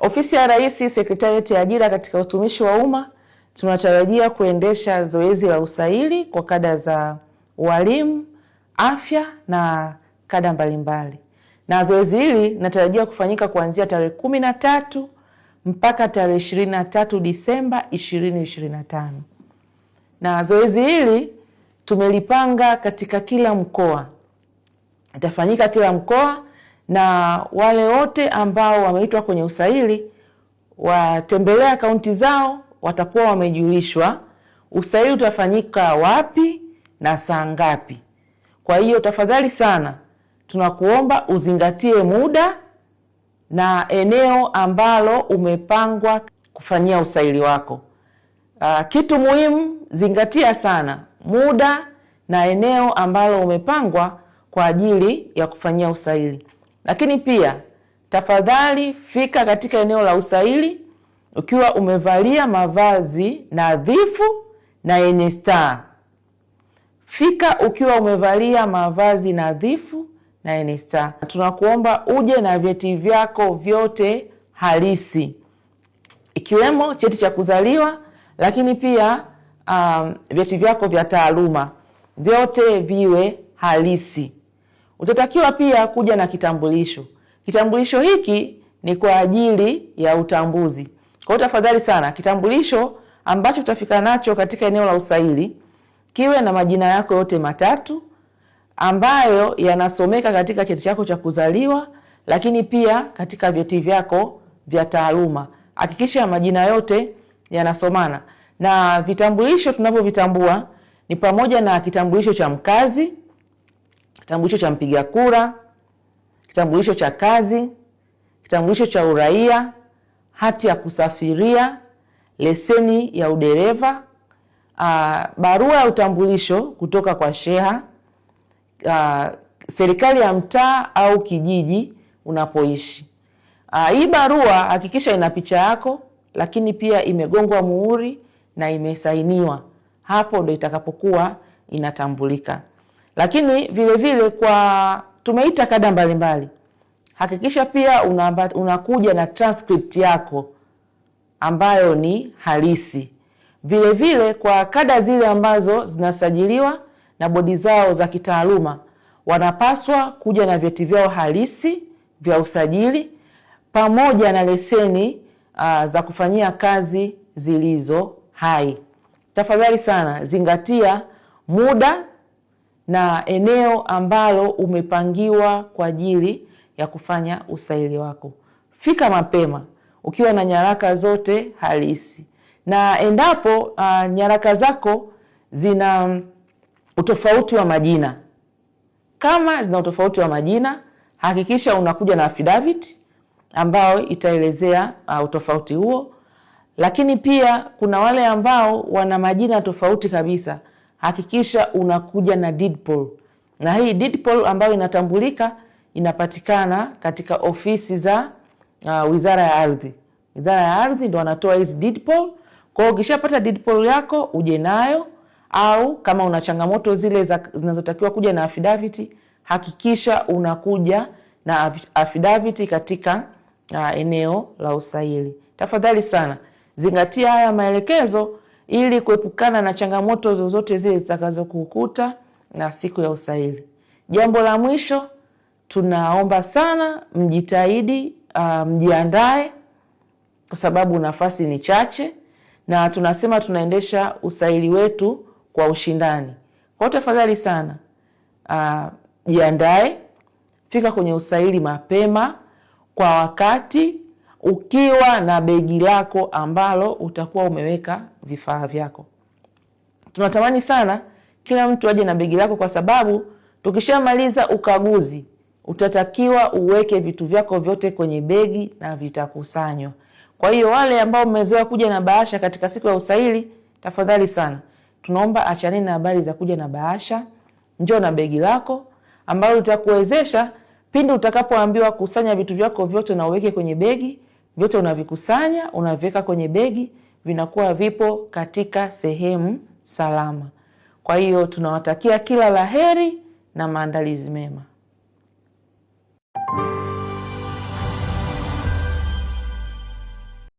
Ofisi ya Rais Sekretarieti ya Ajira katika Utumishi wa Umma tunatarajia kuendesha zoezi la usaili kwa kada za walimu, afya na kada mbalimbali, na zoezi hili natarajia kufanyika kuanzia tarehe kumi na tatu mpaka tarehe ishirini na tatu Disemba ishirini ishirini na tano na zoezi hili tumelipanga katika kila mkoa, itafanyika kila mkoa na wale wote ambao wameitwa kwenye usaili watembelea akaunti zao, watakuwa wamejulishwa usaili utafanyika wapi na saa ngapi. Kwa hiyo tafadhali sana, tunakuomba uzingatie muda na eneo ambalo umepangwa kufanyia usaili wako. Ah, kitu muhimu zingatia sana muda na eneo ambalo umepangwa kwa ajili ya kufanyia usaili. Lakini pia tafadhali fika katika eneo la usaili ukiwa umevalia mavazi nadhifu na yenye staa. Fika ukiwa umevalia mavazi nadhifu na yenye staa. Tunakuomba uje na vyeti vyako vyote halisi ikiwemo cheti cha kuzaliwa, lakini pia um, vyeti vyako vya taaluma vyote viwe halisi. Utatakiwa pia kuja na kitambulisho. Kitambulisho hiki ni kwa ajili ya utambuzi. Kwa hiyo tafadhali sana, kitambulisho ambacho utafika nacho katika eneo la usaili kiwe na majina yako yote matatu ambayo yanasomeka katika cheti chako cha kuzaliwa, lakini pia katika vyeti vyako vya taaluma. Hakikisha majina yote yanasomana. Na vitambulisho tunavyovitambua ni pamoja na kitambulisho cha mkazi kitambulisho cha mpiga kura, kitambulisho cha kazi, kitambulisho cha uraia, hati ya kusafiria, leseni ya udereva, a, ah, barua ya utambulisho kutoka kwa sheha, a, ah, serikali ya mtaa au kijiji unapoishi. Ah, hii barua hakikisha ina picha yako, lakini pia imegongwa muhuri na imesainiwa. Hapo ndo itakapokuwa inatambulika. Lakini vile vile kwa tumeita kada mbalimbali, hakikisha pia unamba, unakuja na transcript yako ambayo ni halisi. Vile vile kwa kada zile ambazo zinasajiliwa na bodi zao za kitaaluma, wanapaswa kuja na vyeti vyao halisi vya usajili pamoja na leseni uh, za kufanyia kazi zilizo hai. Tafadhali sana zingatia muda na eneo ambalo umepangiwa kwa ajili ya kufanya usaili wako. Fika mapema ukiwa na nyaraka zote halisi, na endapo uh, nyaraka zako zina utofauti wa majina, kama zina utofauti wa majina, hakikisha unakuja na affidavit ambayo itaelezea uh, utofauti huo. Lakini pia kuna wale ambao wana majina tofauti kabisa hakikisha unakuja na deedpoll, na hii deedpoll ambayo inatambulika inapatikana katika ofisi za uh, Wizara ya Ardhi. Wizara ya Ardhi ndo wanatoa hizi deedpoll. Kwa hiyo ukishapata deedpoll yako uje nayo, au kama una changamoto zile zinazotakiwa kuja na affidavit, hakikisha unakuja na affidavit katika uh, eneo la usaili. Tafadhali sana zingatia haya maelekezo ili kuepukana na changamoto zozote zile zitakazokukuta na siku ya usaili. Jambo la mwisho, tunaomba sana mjitahidi, uh, mjiandae kwa sababu nafasi ni chache, na tunasema tunaendesha usaili wetu kwa ushindani. Kwa hiyo tafadhali sana, uh, jiandae, fika kwenye usaili mapema kwa wakati ukiwa na begi lako ambalo utakuwa umeweka vifaa vyako. Tunatamani sana kila mtu aje na begi lako, kwa sababu tukishamaliza ukaguzi utatakiwa uweke vitu vyako vyote kwenye begi na vitakusanywa. Kwa hiyo wale ambao mmezoea kuja na bahasha katika siku ya usaili, tafadhali sana, tunaomba achaneni na habari za kuja na bahasha. Njoo na begi lako ambalo litakuwezesha pindi utakapoambiwa kusanya vitu vyako vyote na uweke kwenye begi vyote unavikusanya, unaviweka kwenye begi, vinakuwa vipo katika sehemu salama. Kwa hiyo tunawatakia kila laheri na maandalizi mema.